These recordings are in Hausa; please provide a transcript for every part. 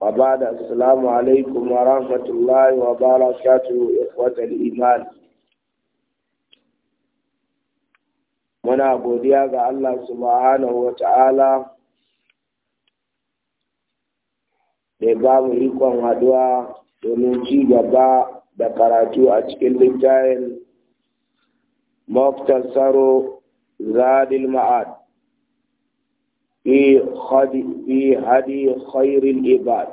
وبعد السلام عليكم ورحمة الله وبركاته إخوة الإيمان muna godiya ga Allah subhanahu wa ta'ala da ba mu ikon haduwa domin ci gaba da karatu a cikin littayin maftasaro zadil ma'ad fi hadi في هدي خير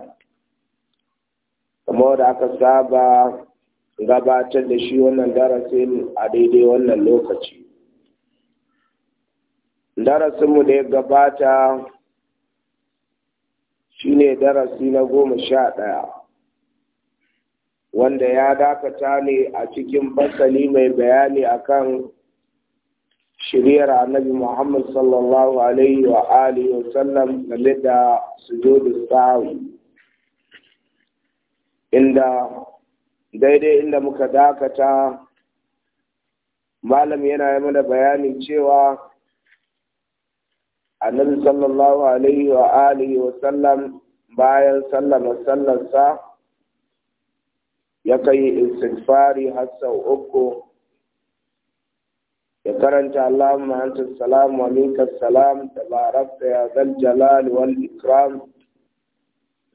kamar da aka saba gabatar da shi wannan darasin a daidai wannan lokaci darasinmu da ya gabata shine darasi na goma sha ɗaya wanda ya dakata ne a cikin fasali mai bayani akan shiriyar annabi Muhammad sallallahu alaihi wa alihi wa sallam game da sujudu sawi inda daidai inda muka dakata malam yana yi mana bayanin cewa annabi sallallahu alaihi wa alihi wa sallam bayan sallama sallarsa ya kai istighfari har sau uku ya karanta Allahumma anta salam wa minka salam tabarakta ya zal jalal wal ikram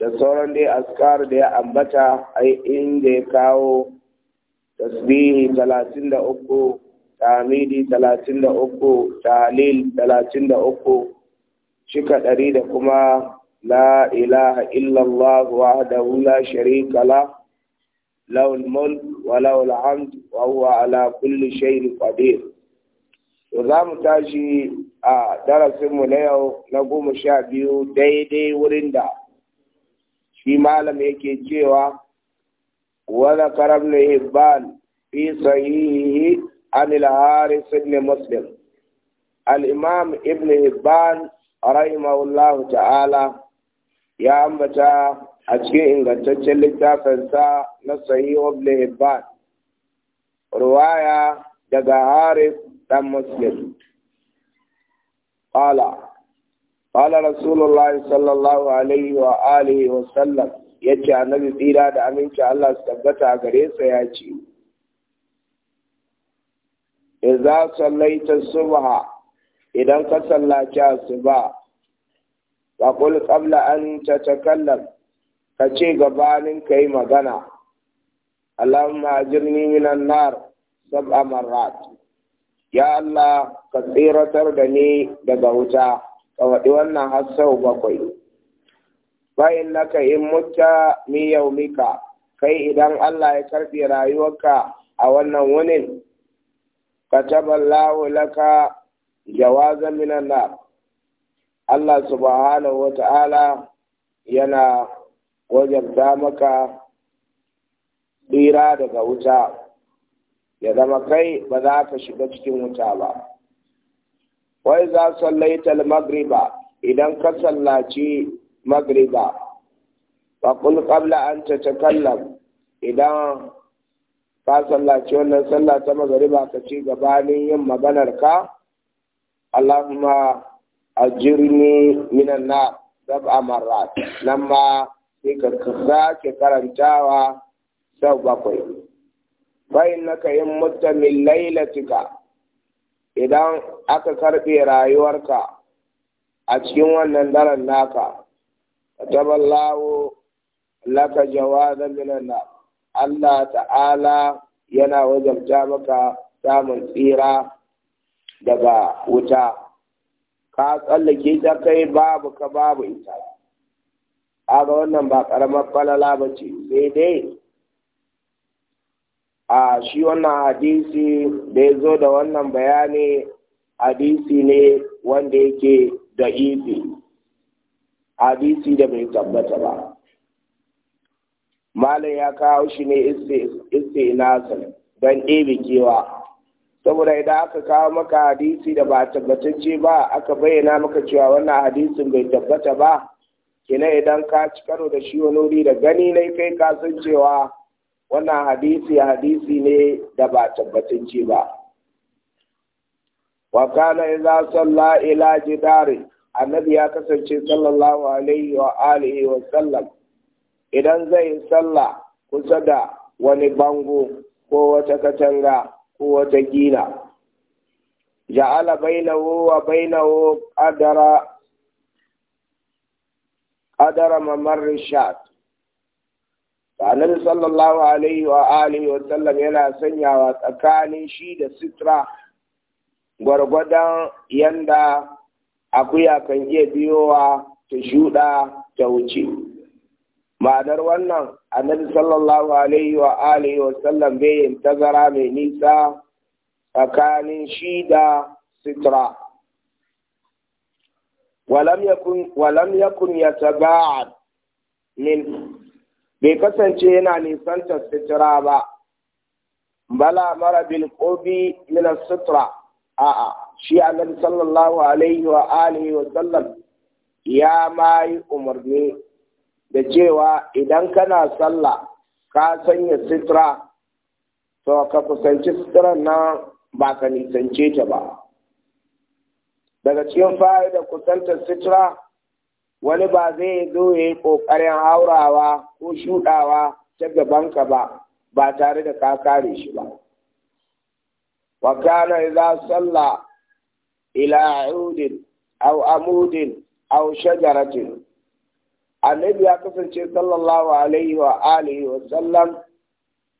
da sauran dai askar da ya ambata ai in da ya kawo tasbihi 33 tamidi 33 talil 33 cika ɗari da kuma la ilaha illallah wa da la sharika la laul mulk wa laul hamd wa huwa ala kulli shay'in qadir za mu tashi a darasinmu na yau na goma sha biyu daidai wurin da shi malam yake cewa wani karam na hibban fi sahihi an al sun muslim al’imam ibn hibban rahimahullah ta'ala ya ambata a cikin ingantaccen littafinsa na sahihu ibn hibban ruwaya daga haris ɗan masjid ƙala ƙala rasulullahi sallallahu alaihi wa alihi wa sallam ya ce a annabi tsira da aminci Allah su tabbata a gare sa ya ce su ba ha idan ka sallaci asuba wa qul qabla an kallon ka ce gabanin ka yi magana Allahumma ajirni minan nar sab'a marrat ya Allah ka tseratar da ni daga wuta ka waɗi wannan hassau bakwai bayan naka in mutta mi mika, kai idan Allah ya karfi rayuwarka a wannan wunin kataballahu laka jawaza minan na. Allah subhanahu wata'ala yana wajabta maka tsira daga wuta ya zama kai ba za ka shiga cikin wuta ba wai za sallaita magriba idan ka sallaci magriba Ba kul qabla an kallon idan ka sallaci wannan sallah ta magriba ka ci gabanin yin maganar ka a jirgin minan na sab'a marrat nan ma sai ka sake karantawa sau bakwai bainaka yammata min lailatika idan aka karbe rayuwarka a cikin wannan daren naka taballawo laka jawaza na Allah ta'ala yana wajabta maka samun tsira daga wuta ka tsallake ta kai babu ka babu ita aga wannan ba ƙaramar falala ba ce sai dai a shi wannan hadisi da ya zo da wannan bayani hadisi ne wanda yake da ifi hadisi da bai tabbata ba malam ya kawo shi ne istinasar don ɗebe kewa saboda idan aka kawo maka hadisi da ba tabbatacce ba aka bayyana maka cewa wannan hadisin bai tabbata ba kina idan ka ci karo da shi wani wuri da gani na kai kasancewa wannan hadisi hadisi ne da ba ci ba wa kana idza salla ila jidari annabi ya kasance sallallahu alaihi wa alihi wa sallam idan zai salla kusa da wani bango ko wata katanga ko wata gina ja'ala bainahu wa bainahu qadara qadara mamar annabi sallallahu alaihi wa alihi wa sallam yana sanyawa tsakanin shi da sitra gwargwadon yanda akuya kan iya biyowa ta shuɗa ta wuce ma'anar wannan annabi sallallahu alaihi wa alihi wa sallam bai yin tazara mai nisa tsakanin shi da sitra walam yakun ya yakun min bai kasance yana nisantar sitira ba bala mara bil qobi sutura. sitra a'a shi annabi sallallahu alaihi wa alihi wa sallam ya yi umarni da cewa idan kana sallah ka sanya sitra to ka kusanci sitiran nan ba ka nisance ta ba daga cikin fa'ida kusantar sitra wani ba zai zo ya yi ƙoƙarin haurawa ko shuɗawa ta gabanka ba ba tare da ka kare shi ba wa kana idza salla ila udin au amudin au Shagaratin. annabi ya kasance sallallahu alaihi wa alihi wa sallam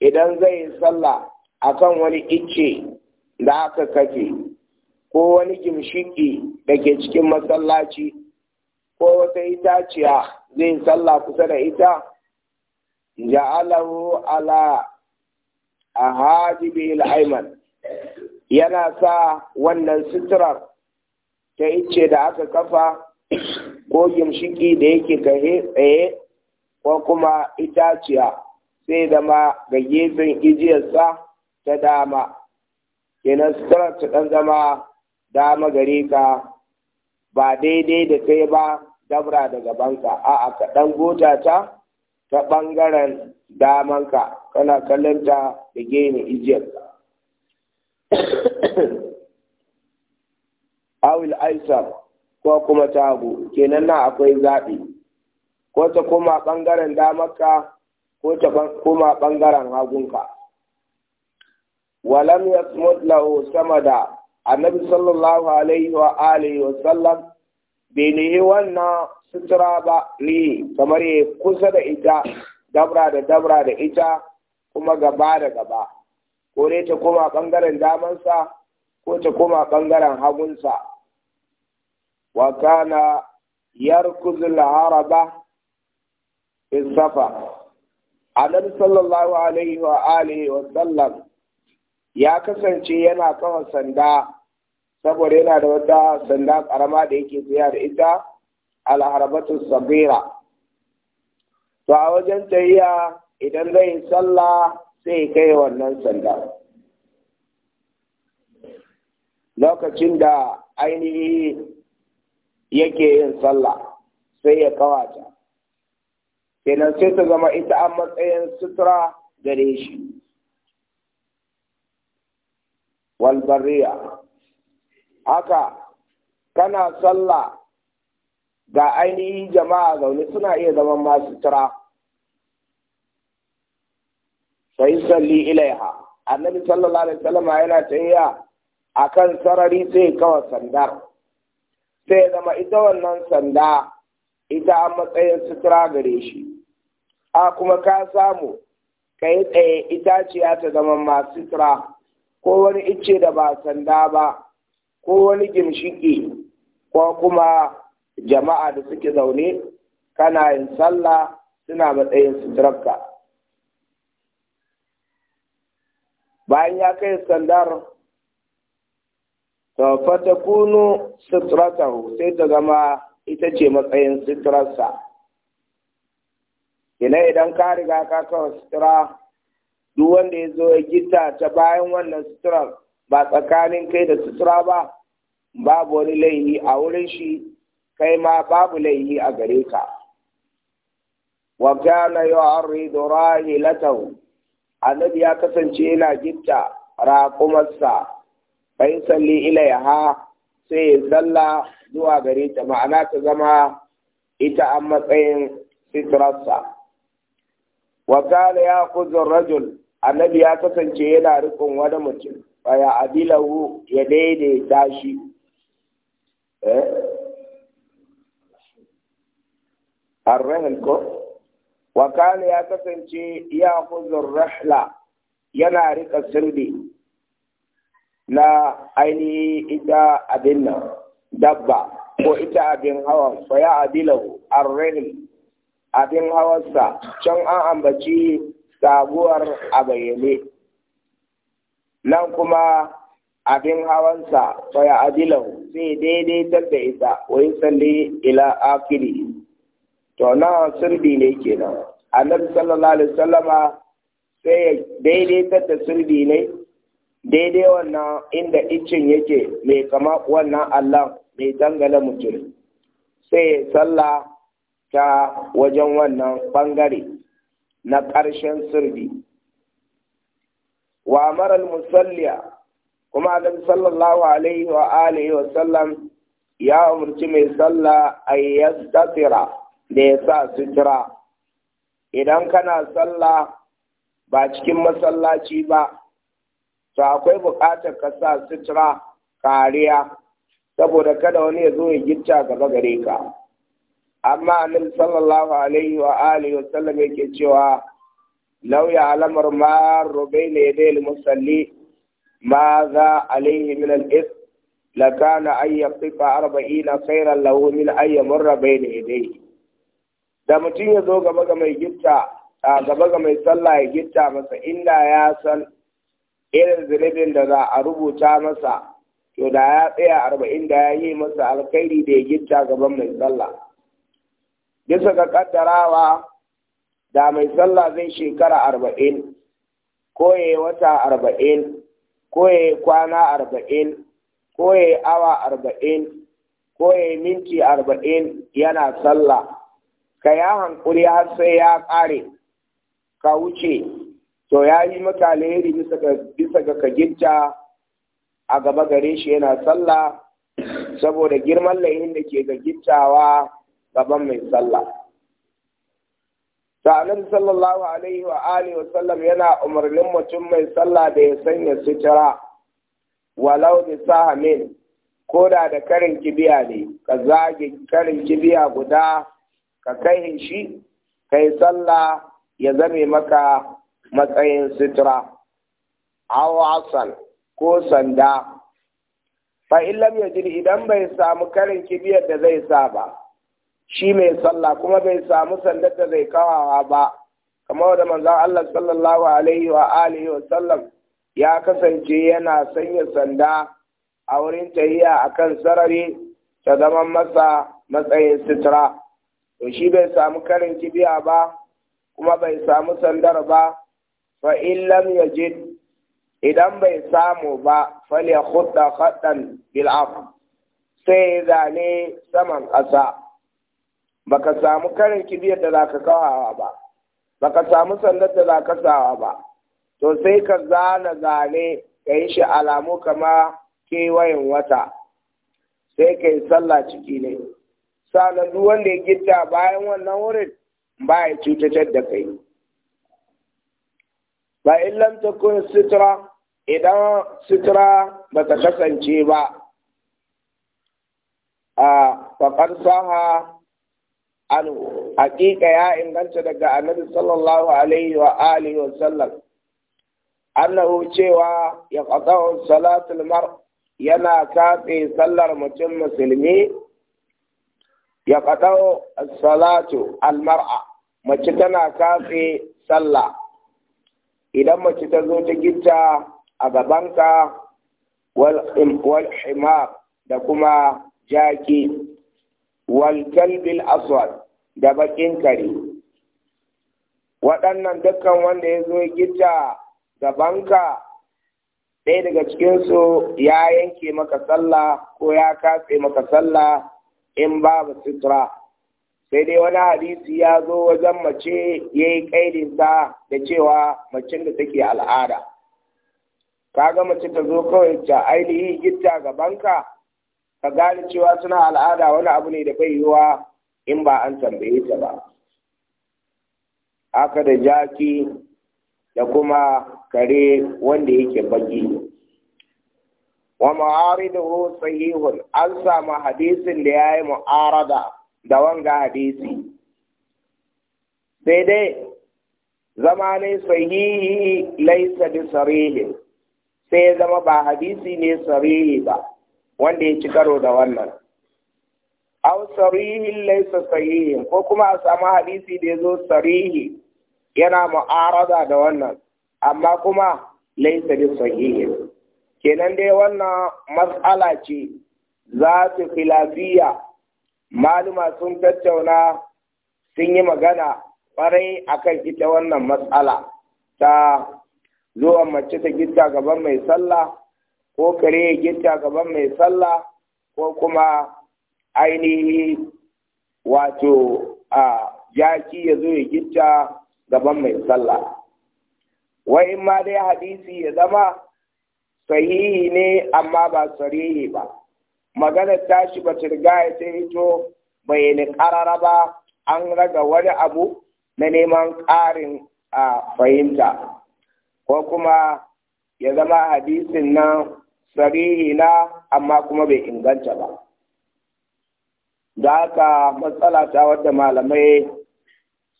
idan zai yi sallah kan wani icce da aka kafe ko wani gimshiki da ke cikin masallaci ko wata itaciya zai sallah kusa da ita ja'alahu ala ahajibi al-ayman yana sa wannan suturar ta ice da aka kafa ko gimshiki da yake kahe tsaye ko kuma itaciya sai zama ga gefen ajiyarsa ta dama kenan suturar ta ɗan zama dama gare ka ba daidai da kai ba dabra daga banka. a'a ka dan gota ta ta ɓangaren damanka kana kallonta da gene ijiyarka awil aisar ko kuma tagu kenan na akwai zaɓi ko ta koma ɓangaren ka, ko ta koma ɓangaren hagunka walam yasmut lahu sama da annabi sallallahu alaihi wa alihi wa sallam bai nihi wannan sutura ba li kamar ya kusa da ita dabra da dabra da ita kuma gaba da gaba ko dai ta koma bangaren damansa ko ta koma bangaren hagunsa wa kana yarkuzu al-araba safa annabi sallallahu alaihi wa alihi wa sallam ya kasance yana kawo sanda saboda yana da wata sanda karama da yake tsaya da ita alharbatu sabira to a wajen tayya idan zai sallah sai kai wannan sanda lokacin da ainihi yake yin sallah sai ya kawata kenan sai ta zama ita a matsayin sutura gare shi walbariya haka kana sallah ga ainihin jama'a zaune suna iya zama masu tara sai salli ilaiha annabi sallallahu alaihi wasallam yana tayya akan sarari sai kawa sandar sai zama ita wannan sanda ita a matsayin sutura gare shi a kuma ka samu ka yi tsaye itaciya ta zama masu sutura ko wani icce da ba sanda ba ko wani ginshiƙi ko kuma jama'a da suke zaune kana yin sallah suna matsayin suturarka bayan ya kai sandar fata kunu suturatahu sai ta zama ita ce matsayin suturarsa ina idan ka riga ka kawo sutura duk wanda ya zo ya gita ta bayan wannan suturar ba tsakanin kai da sutura ba babu wani laihi a wurin shi kai ma babu laihi a gare ka wa kana rahi latau annabi ya kasance yana gitta raƙumarsa bai salli ha sai ya zalla zuwa gare ta ma'ana ta zama ita an matsayin sitrarsa wa kana ya rajul annabi ya kasance yana rikon wani mutum faya adilahu ya daidaita shi eh arrahil ko wakala ya kasance ya kuzur rahla yana rika sirri na ainihi ita abin nan dabba ko ita abin hawa faya adilahu arrahil abin hawarsa can an ambaci sabuwar a bayyane nan kuma abin hawansa fa ya adilahu sai daidaitar da ita wa salli ila akili to na sirbi ne kenan annabi sallallahu alaihi wasallama sai ya daidaitar da sirbi ne daidai wannan inda icin yake mai kama wannan allah mai dangala mutum sai salla ta wajen wannan bangare na ƙarshen sirbi wa amara musalliya kuma annabi sallallahu alaihi wa alihi wa sallam ya umarci mai sallah ay yastatira da ya sa sutura idan kana sallah ba cikin masallaci ba to akwai buƙatar ka sa sutura kariya saboda kada wani ya zo ya gicca gaba gare ka amma annabi sallallahu alaihi wa alihi wa sallam yake cewa لو يعلم رمار ربين يدي المصلي ماذا عليه من الإثم لكان أن يقف أربعين خيرا له من أن يمر بين يديه da mutum ya zo gaba ga mai gitta a gaba ga mai sallah ya gitta masa inda ya san irin zunubin da za a rubuta masa to da ya tsaya arba'in da ya yi masa alkhairi da ya gitta gaban mai sallah bisa ga kaddarawa da mai sallah zai shekara arba'in ko ya yi wata arba'in ko ya yi kwana arba'in ko ya yi awa arba'in ko ya yi minti arba'in yana sallah ka ya hankuri har sai ya ƙare ka wuce to ya yi maka alheri bisa ga kaginta a gaba gare shi yana sallah saboda girman layin da ke ga gittawa gaban mai sallah sa'anin sallallahu alaihi wa alihi wa sallam yana umarnin mutum mai sallah da ya sanya sutura walau bi sahamin ko da da karin kibiya ne ka zage karin kibiya guda ka kai shi kai sallah ya zame maka matsayin sutura aw asan ko sanda fa illam yajid idan bai samu karin kibiyar da zai sa ba shi mai sallah kuma bai samu sandar da zai kawawa ba kamar da manzon Allah sallallahu alaihi wa alihi wa sallam ya kasance yana sanya sanda a wurin tahiya akan sarari ta zama masa matsayin sitira to shi bai samu karin kibiya ba kuma bai samu sandar ba fa ya yajid idan bai samu ba fal ya khudda khaddan bil sai zane saman ƙasa baka samu karin kibiyar da za ka kawawa ba baka samu sandar da za ka sawa ba to sai ka zana zane ka yi shi alamu kama kewayen wata sai ka yi sallah ciki ne sa'an duk wanda ya gida bayan wannan wurin ba ya cutatar da kai ba illan ta kun sutura idan sutura ba ta kasance ba a faƙar saha anu haƙiƙa ya inganta daga annabi sallallahu alaihi wa alihi wa sallam annahu cewa ya qata'u salatul mar yana kafe sallar mutum musulmi ya qata'u salatu al mar'a mace tana kafe sallah idan mace ta zo ta gitta a gabanka wal himar da kuma jaki wal kalbil aswad da bakin kare waɗannan dukkan wanda ya zo gita gabanka ɗaya daga cikinsu ya yanke maka sallah ko ya katse maka sallah in babu sutura sai dai wani hadisi ya zo wajen mace ya yi ƙaidinta da cewa macen da take al'ada kaga mace ta zo kawai ta ainihi gitta gabanka ka gane cewa suna al'ada wani abu ne da bai yiwuwa in ba an tambaye ta ba aka da jaki da kuma kare wanda yake baki wa ma'aridu sahihun an samu hadisin da ya yi mu'arada da wanga hadisi sai dai zama ne sahihi laisa bi sarihi sai zama ba hadisi ne sarihi ba wanda ya ci karo da wannan aw sarihin laysa sahihin ko kuma a samu hadisi da yazo sarihi yana mu'arada da wannan amma kuma laysa bi sahihin kenan dai wannan mas'ala ce za su filafiya maluma sun tattauna sun yi magana kwarai akan ita wannan matsala. ta zuwan mace ta gitta gaban mai sallah ko kare ya gitta gaban mai sallah ko kuma ainihi wato a jaki ya zo ya gitta gaban mai sallah wa in ma dai hadisi ya zama sahihi ne amma ba sarihi ba maganar tashi ba turga ya ta hito bai ni karara ba an raga wani abu na neman ƙarin a fahimta ko kuma ya zama hadisin nan sarihi na amma kuma bai inganta ba da haka matsala ta wadda malamai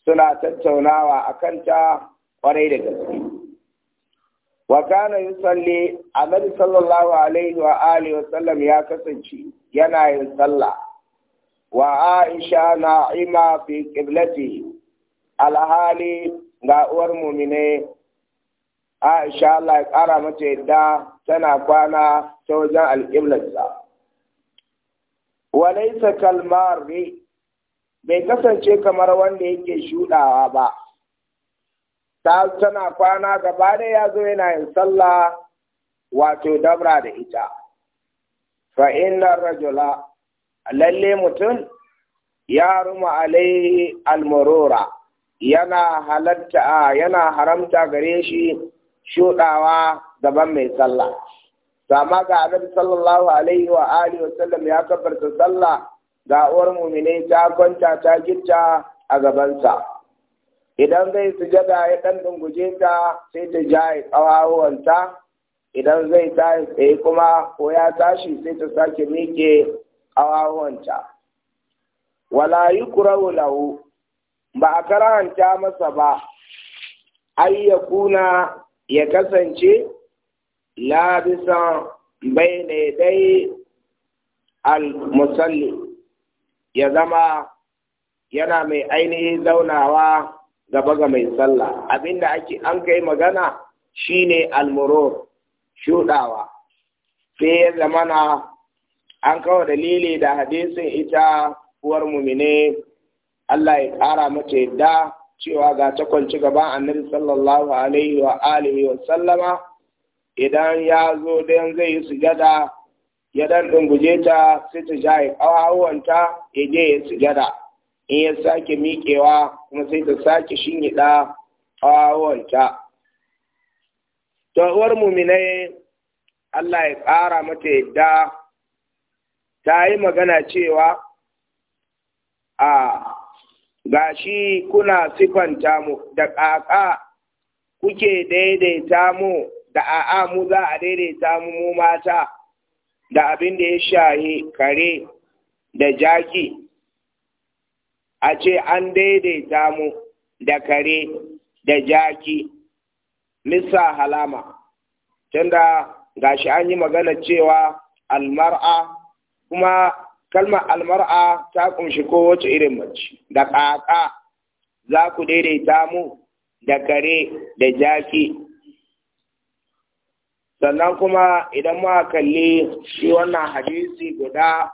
suna tattaunawa a kanta kwarai da gaske wa kana yusalli annabi sallallahu alaihi wa alihi wa sallam ya kasance yana yin sallah wa aisha na'ima fi qiblati alhali ga uwar mu'mine aisha Allah ya kara mata yadda tana kwana ta wajen alƙiblarsa walaisa kalmar bai kasance kamar wanda yake shuɗawa ba ta tana kwana gaba da ya zo yana yin sallah wato dabra da ita fa inna rajula lalle mutum ya ruma alaihi almurura yana halatta yana haramta gare shi shuɗawa gaban mai sallah to amma ga annabi sallallahu alaihi wa alihi sallam ya kafarta sallah ga uwar mu'mini ta kwanta ta gitta a gabansa idan zai sujada ya dan dunguje ta sai ta jaye ƙawawuwanta idan zai tashi tsaye kuma ko ya tashi sai ta sake miƙe ƙawawuwanta wala yukrahu lahu ba a karanta masa ba ai ya kuna ya kasance labisan bai ne dai al-musalli ya zama yana mai ainihin zaunawa gaba ga mai sallah abinda ake an kai magana shine al shuɗawa shudawa sai ya zamana an kawo dalili da hadisin ita uwar mumine Allah ya ƙara mata yadda cewa ga ta kwanci gaban annabi sallallahu alaihi wa alihi wa sallama idan ya zo don zai yi sujada ya dan dunguje ta sai ta jaye ƙawawanta ya je ya sujada in ya sake miƙewa kuma sai ta sake shinyiɗa ƙawawanta to uwar muminai Allah ya ƙara mata yadda ta yi magana cewa a gashi kuna sifanta mu da ƙaƙa kuke daidaita mu da a'a mu za a daidaita mu mata da abin da ya shahi kare da jaki a ce an daidaita mu da kare da jaki misa halama tunda gashi an yi magana cewa almar'a kuma kalmar almar'a ta kunshi kowace irin mace da ƙaƙa za ku daidaita mu da kare da jaki sannan kuma idan muka kalli shi wannan hadisi guda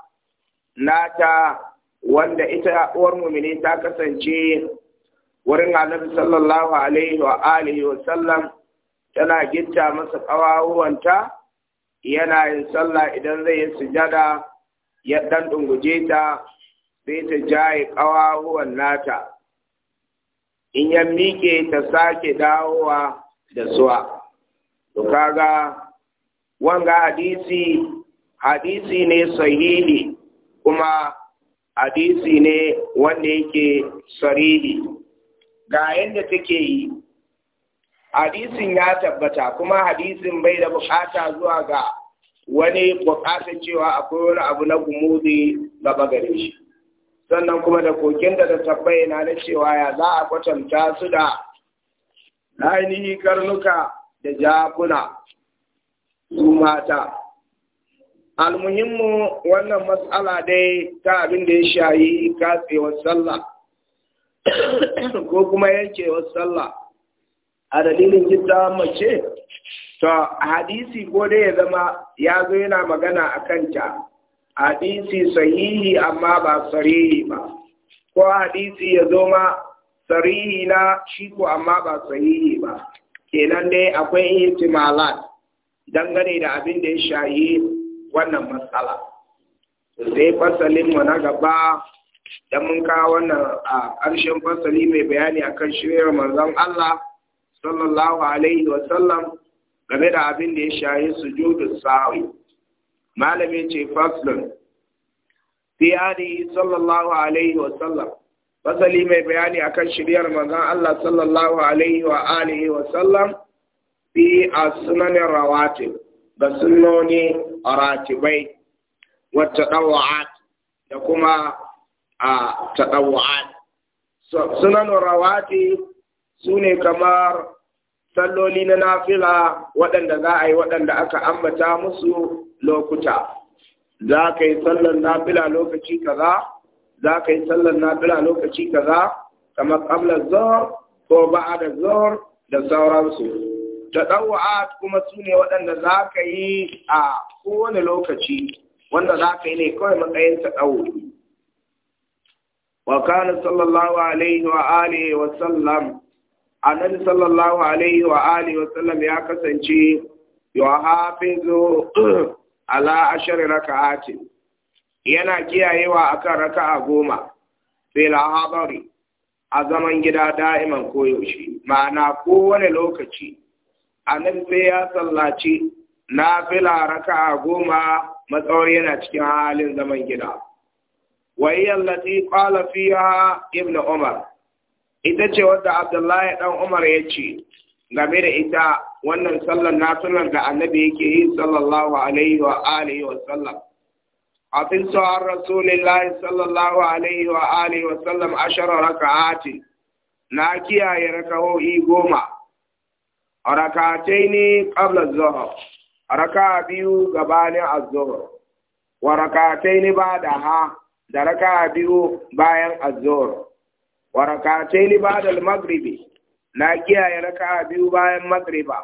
nata wanda ita uwar mumini ta kasance wurin annabi sallallahu alaihi wa alihi wa sallam tana gitta masa kawawuwanta yana yin sallah idan zai yi sujada ya dan dunguje ta sai ta jaye kawawuwan nata in ya miƙe ta sake dawowa da suwa to kaga wanga hadisi hadisi ne sahihi kuma hadisi ne wanda yake sarihi ga yadda take yi hadisin ya tabbata kuma hadisin bai da bukata zuwa ga wani bukatar cewa akwai wani abu na gumuzi gaba gare shi sannan kuma da kokin da ta tabbaina na cewa ya za a kwatanta su da ainihi karnuka da jafuna. su mata almuhimmu wannan matsala dai ta abin da ya shayi katsewar sallah ko kuma yankewar sallah a dalilin gida mace to hadisi ko dai ya zama ya zo yana magana a kanta hadisi sahihi amma ba sarihi ba ko hadisi ya zo ma sarihi na shi ko amma ba sahihi ba kenan dai akwai ihtimalat dangane da abin da ya shayi wannan matsala sai fasalin mu na gaba da mun kawo wannan a ƙarshen fasali mai bayani akan shirya manzon Allah sallallahu alaihi wa sallam game da abin da ya shayi judu sa'awi malamin ce faslun fi yari sallallahu alaihi wa sallam fasali mai bayani akan shiryar manzon Allah sallallahu alaihi wa alihi wa sallam fi as-sunan rawatib da sunnoni ratibai wa tadawwa'at da kuma a tadawwa'at sunan rawatib sune kamar salloli na nafila waɗanda za a yi waɗanda aka ambata musu lokuta za ka yi sallan nafila lokaci kaza za ka yi sallar nafila lokaci kaza kamar qabla zor ko ba'da zuhr da sauransu tadawwa'at kuma sune waɗanda za ka yi a kowane lokaci wanda za ka yi ne kawai matsayin tadawwu wa kana sallallahu alaihi wa alihi wa sallam annabi sallallahu alaihi wa alihi wa sallam ya kasance yuhafizu ala ashari raka'atin yana kiyayewa akan raka'a goma fil hadari a zaman gida da'iman koyaushe ma'ana kowane lokaci nan sai ya sallaci Na nafila raka'a goma matsawar yana cikin halin zaman gida wa hiya allati qala ibn umar ita ce wadda abdullahi dan umar ya ce game da ita wannan sallar nafilar da annabi yake yi sallallahu alaihi wa alihi wa sallam حفظت عن رسول الله صلى الله عليه وآله وسلم عشر ركعات ناكيا يركعو إيغوما ركعتين قبل الظهر ركع بيو قبال الظهر وركعتين بعدها ركع بيو باين الظهر وركعتين بعد المغرب ناكيا يركع بيو باين مغربا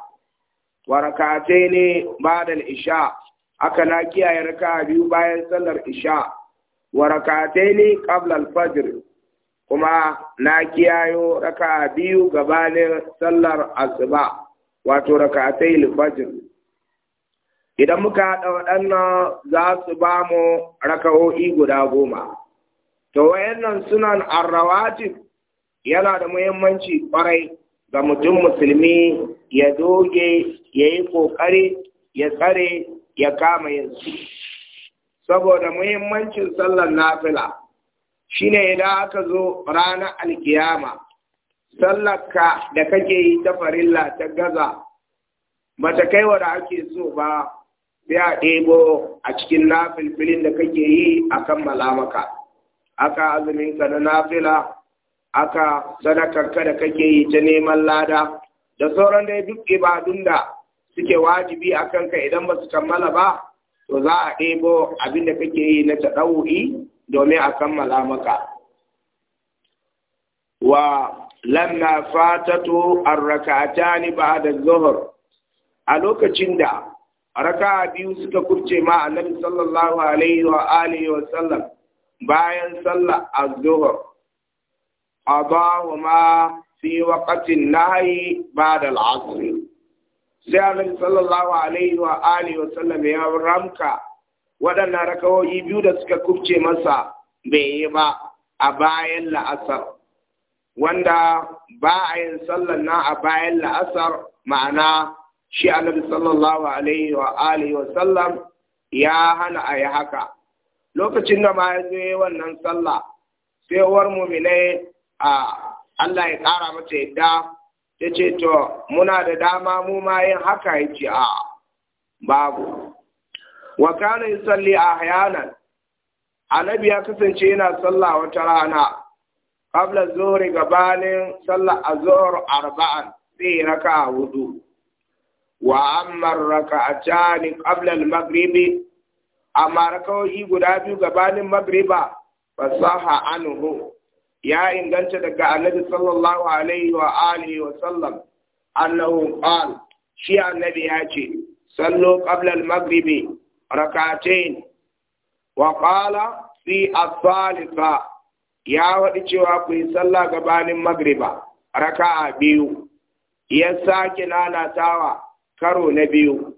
وركعتين بعد الإشاء haka na kiyaye raka biyu bayan sallar isha wa rakataini qabla al-fajr kuma na kiyayo raka biyu gabanin sallar asuba wato rakatai al-fajr idan muka haɗa waɗannan za su ba mu raka'o'i guda goma to wayannan sunan arrawatib yana da muhimmanci kwarai ga mutum musulmi ya doge ya yi ƙoƙari ya tsare ya kama yanzu saboda muhimmancin sallar nafila shine idan aka zo ranar alkiyama sallar ka da kake yi ta farilla ta gaza bata kai wa da ake so ba sai a ɗebo a cikin nafilfilin da kake yi a kammala maka aka azumin ka na nafila aka sadakarka da kake yi ta neman lada da sauran dai duk ibadun da suke wajibi a kanka idan ba su kammala ba to za a ɗebo abin da kake yi na taɗa'u'i domin a kammala maka wa lamma fatatu arraka'atani da zuhur a lokacin da raka biyu suka kurce ma annabi sallallahu alaihi wa alihi wa sallam bayan sallar az-zuhr adahuma fi waqtin nahyi ba da asr sai annabi sallallahu alaihi wa alihi wa sallam ya ramka waɗannan rakawoyi biyu da suka kubce masa bai yi ba a bayan la'asar wanda ba a yin sallan na a bayan la'asar ma'ana shi annabi sallallahu alaihi wa alihi wa sallam ya hana a yi haka lokacin da ma ya zo wannan sallah sai uwar mu a Allah ya ƙara mata yadda ya ce to muna da dama mu ma yin haka ya ce a babu wa kana a ahyanan annabi ya kasance yana sallah wata rana qabla zuhri gabanin sallah azhar arba'an sai raka'a hudu wa amma raka'atani qabla al-maghribi amma raka'o'i guda biyu gabanin magriba fasaha anhu ya inganta daga annabi sallallahu alaihi wa alihi wa sallam annahu qal shi annabi ya ce sallu qabla al-maghribi rak'atayn wa qala fi as-salisa ya wadi cewa ku yi sallah gabanin maghriba raka'a biyu ya sake lalatawa karo na biyu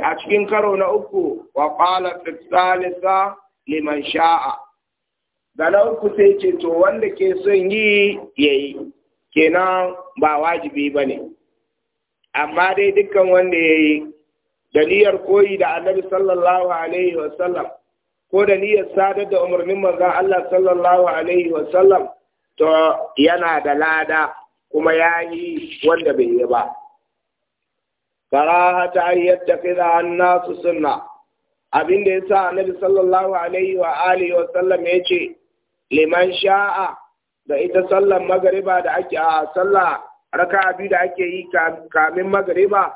a cikin karo na uku wa qala fi as-salisa liman sha'a ga na uku sai ce to wanda ke son yi ya yi kenan ba wajibi ba ne amma dai dukkan wanda ya yi da niyyar koyi da annabi sallallahu alaihi wasallam ko da niyyar sadar da umarnin manzon Allah sallallahu alaihi wasallam to yana da lada kuma ya yi wanda bai yi ba karahata an yattakhidha an-nasu suna. abinda yasa annabi sallallahu alaihi wa alihi wa sallam ce. liman sha'a da ita sallar magariba da ake a sallah raka biyu da ake yi kamin magariba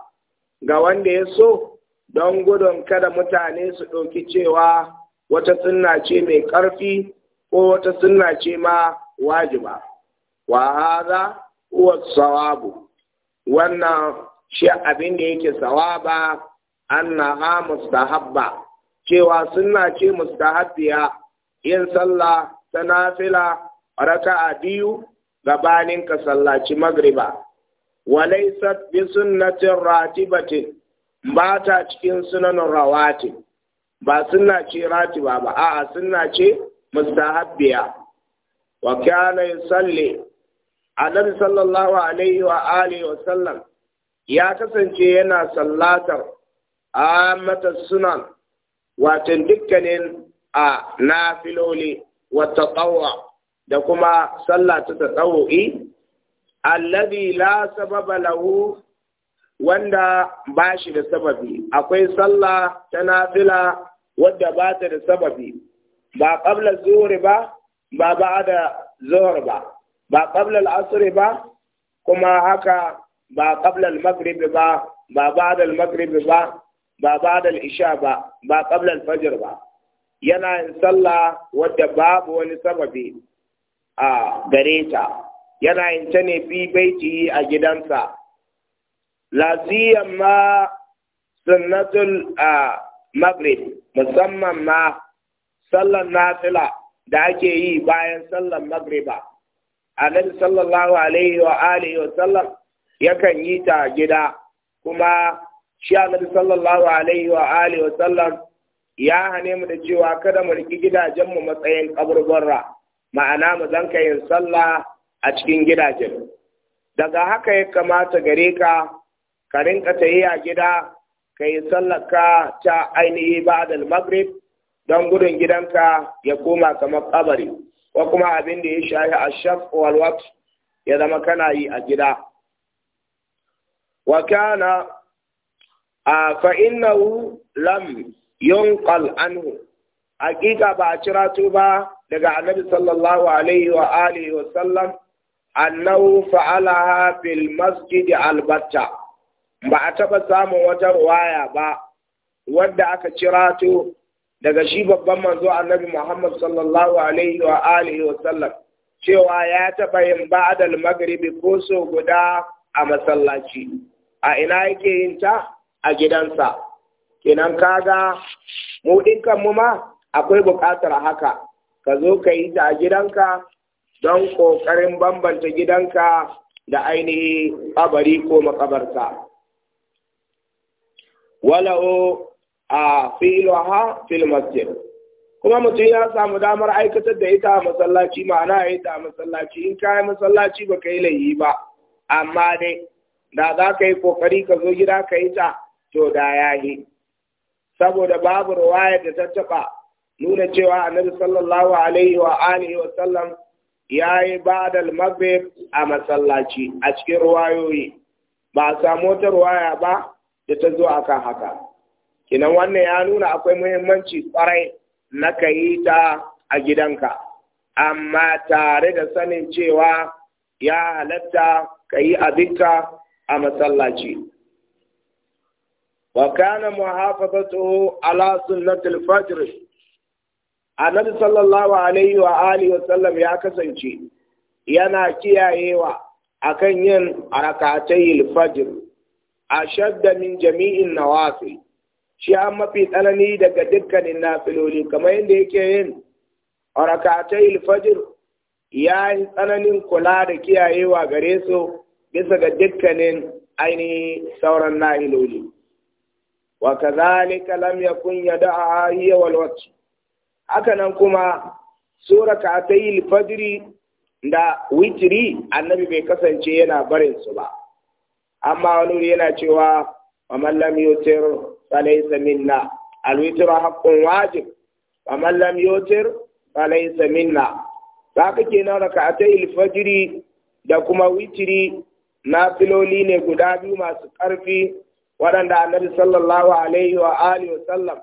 ga wanda ya so don gudun kada mutane su ɗauki cewa wata sunna ce mai ƙarfi ko wata sunna ce ma wajiba wa haza huwa sawabu wannan shi abin da yake sawaba annaha mustahabba cewa sunna ce mustahabbiya yin sallah ta nafila a biyu gabanin ka sallaci magriba walaisat bi sunnatin ratibatin ba ta cikin sunanin rawatin ba sunna ce ratiba ba a'a sunna ce mustahabbiya wa kana yusalli annabi sallallahu alaihi wa alihi wa sallam ya kasance yana sallatar amata sunan watan dukkanin a nafiloli wata da kuma sallah ta tsawo'i Allabi la sababa lahu wanda ba shi da sababi akwai sallah ta nafila wadda ba ta da sababi ba qabla zuri ba ba da zuhr ba ba qabla al ba kuma haka ba qabla al ba ba ba'da al-maghrib ba ba ba'da al-isha ba ba qabla al-fajr ba yana yin sallah wadda babu wani sababi a gare ta yana yin ta ne fi baiti a gidansa laziyan ma sunnatul maghrib musamman ma sallan nafila da ake yi bayan sallan magriba annabi sallallahu alaihi wa alihi wa sallam yakan yi ta gida kuma shi annabi sallallahu alaihi wa alihi wa sallam ya hane mu da cewa kada mu riki mu matsayin kaburbarra ma'ana mu zanka yin sallah a cikin gidajen daga haka ya kamata gare ka ka rinka a gida ka yi ka ta ainihi ba'dal maghrib don gudun gidanka ya koma kamar kabari ko kuma abin da ya shafi ashaf wal waqt ya zama kana yi a gida wa kana fa innahu lam Yunƙal anhu hakika ba a cirato ba daga annabi sallallahu alaihi wa alihi wa sallam annahu fa'alaha masjid ba a taba samun wata ruwaya ba wadda aka cirato daga shi babban manzo annabi Muhammad sallallahu alaihi wa alihi wa sallam cewa ya taba yin ba'dal magaribi ko so guda a masallaci a ina yake yin ta a gidansa kenan kaga mu dinkan mu ma akwai buƙatar haka ka zo ka yi ta a gidanka don ƙoƙarin bambanta gidanka da ainihi kabari ko makabarta. Wala'o a filoha fil masjid. Kuma mutum ya samu damar aikatar da ita a masallaci ma'ana ya ita a masallaci in kayan masallaci ba ka yi layi ba, amma dai da za ka yi ƙoƙari ka zo gida ka yi ta to da ya yi. saboda babu ruwaya da ta taba nuna cewa annabi sallallahu alaihi wa alihi wa sallam yayi ba'dal maghrib a masallaci a cikin ruwayoyi ba a samu wata ruwaya ba da ta zo akan haka kinan wannan ya nuna akwai muhimmanci kwarai na kayi ta a gidanka amma tare da sanin cewa ya halatta kayi abinka a masallaci wa kana muhafazatuhu ala sunnatil fajr annabi sallallahu alaihi wa alihi ya kasance yana kiyayewa akan yin rakatayil fajr ashadda min jami'in nawafil shi an mafi tsanani daga dukkanin nafiloli kamar yadda yake yin rakatayil fajr ya yi tsananin kula da kiyayewa gare su bisa ga dukkanin ainihin sauran nahiloli wa kazalika lam yakun yada'a hiya wal waqt haka nan kuma sura ka tayil fajri da witri annabi bai kasance yana barin su ba amma wani yana cewa wa man lam yutir falaysa minna al haqqun wajib wa man lam yutir falaysa minna haka kenan fajri da kuma witri na filoli ne guda biyu masu ƙarfi waɗanda annabi sallallahu alaihi wa alihi wasallam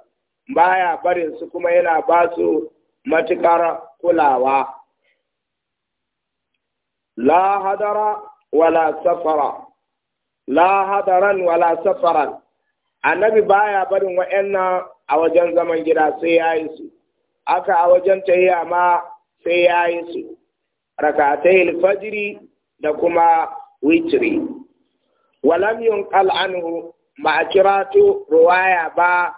baya barin su kuma yana ba su matuƙar kulawa la hadara wala safara la hadaran wala safaran annabi baya barin wa'annan a wajen zaman gida sai ya yi su aka a wajen tahiya ma sai ya yi su rakatai fajiri da kuma witri walam yunqal anhu ba a to ruwaya ba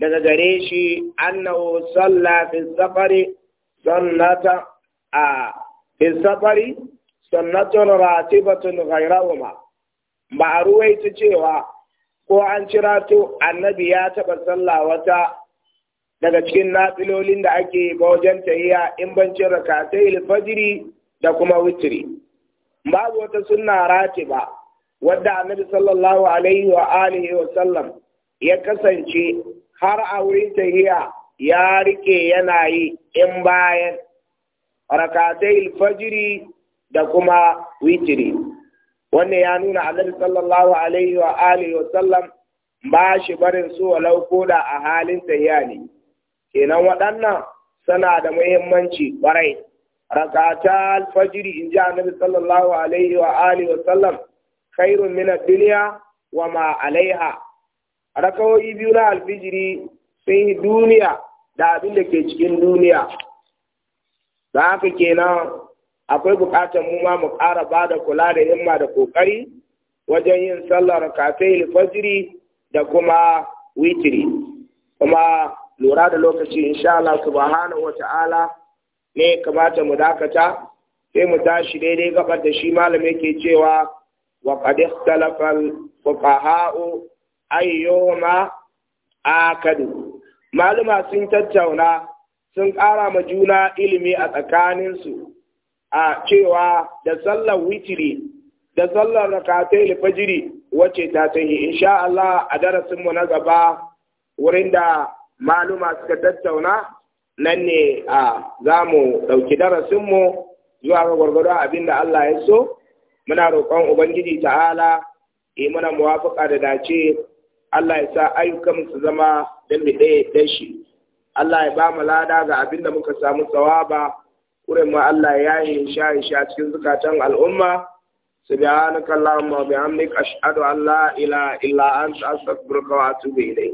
daga gare shi annahu salla fi safari sannata a fi safari sannatun ratibatun ghairahuma ba a ruwaita cewa ko an to annabi ya taɓa sallah wata daga cikin nafilolin da ake ba wajen tahiya in ban rakatai da kuma witiri babu wata sunna ba. wadda annabi sallallahu alaihi wa alihi wa sallam ya kasance har a wurin tahiya ya rike yana yi in bayan rakatai alfajiri da kuma witiri wannan ya nuna annabi sallallahu alaihi wa alihi wa sallam ba shi barin su walau koda a halin tahiya ne kenan waɗannan suna da muhimmanci ƙwarai rakata alfajiri in ji annabi sallallahu alaihi wa alihi wa sallam khairun min Duniya wa ma alaiha rakawoyi biyu na alfijiri sun yi duniya da abin da ke cikin duniya da haka kenan akwai bukatar mu ma mu ƙara ba da kula da himma da ƙoƙari wajen yin sallar kafin fajiri da kuma witiri kuma lura da lokaci insha Allah subhanahu wata'ala ne kamata mu dakata sai mu tashi daidai gabar da shi malamai ke cewa وقد اختلف الفقهاء أيهما آكد معلومة سنتتونا sun ƙara ma juna ilimi a tsakaninsu a cewa da sallar witiri da sallar rakatai fajiri wacce ta sahi insha Allah a darasinmu na gaba wurin da maluma suka tattauna nan ne a za mu ɗauki darasinmu zuwa ga gwargwado abin da Allah ya so muna roƙon ubangiji ta'ala e muna muwafaƙa da dace Allah ya sa ayyukan su zama dan mu ɗaya da shi Allah ya ba mu lada ga abin da muka samu tsawaba kuren ma Allah ya yi sha sha cikin zukatan al'umma subhanakallahumma wa bihamdika ashhadu an la ilaha illa anta astaghfiruka wa atubu ilayk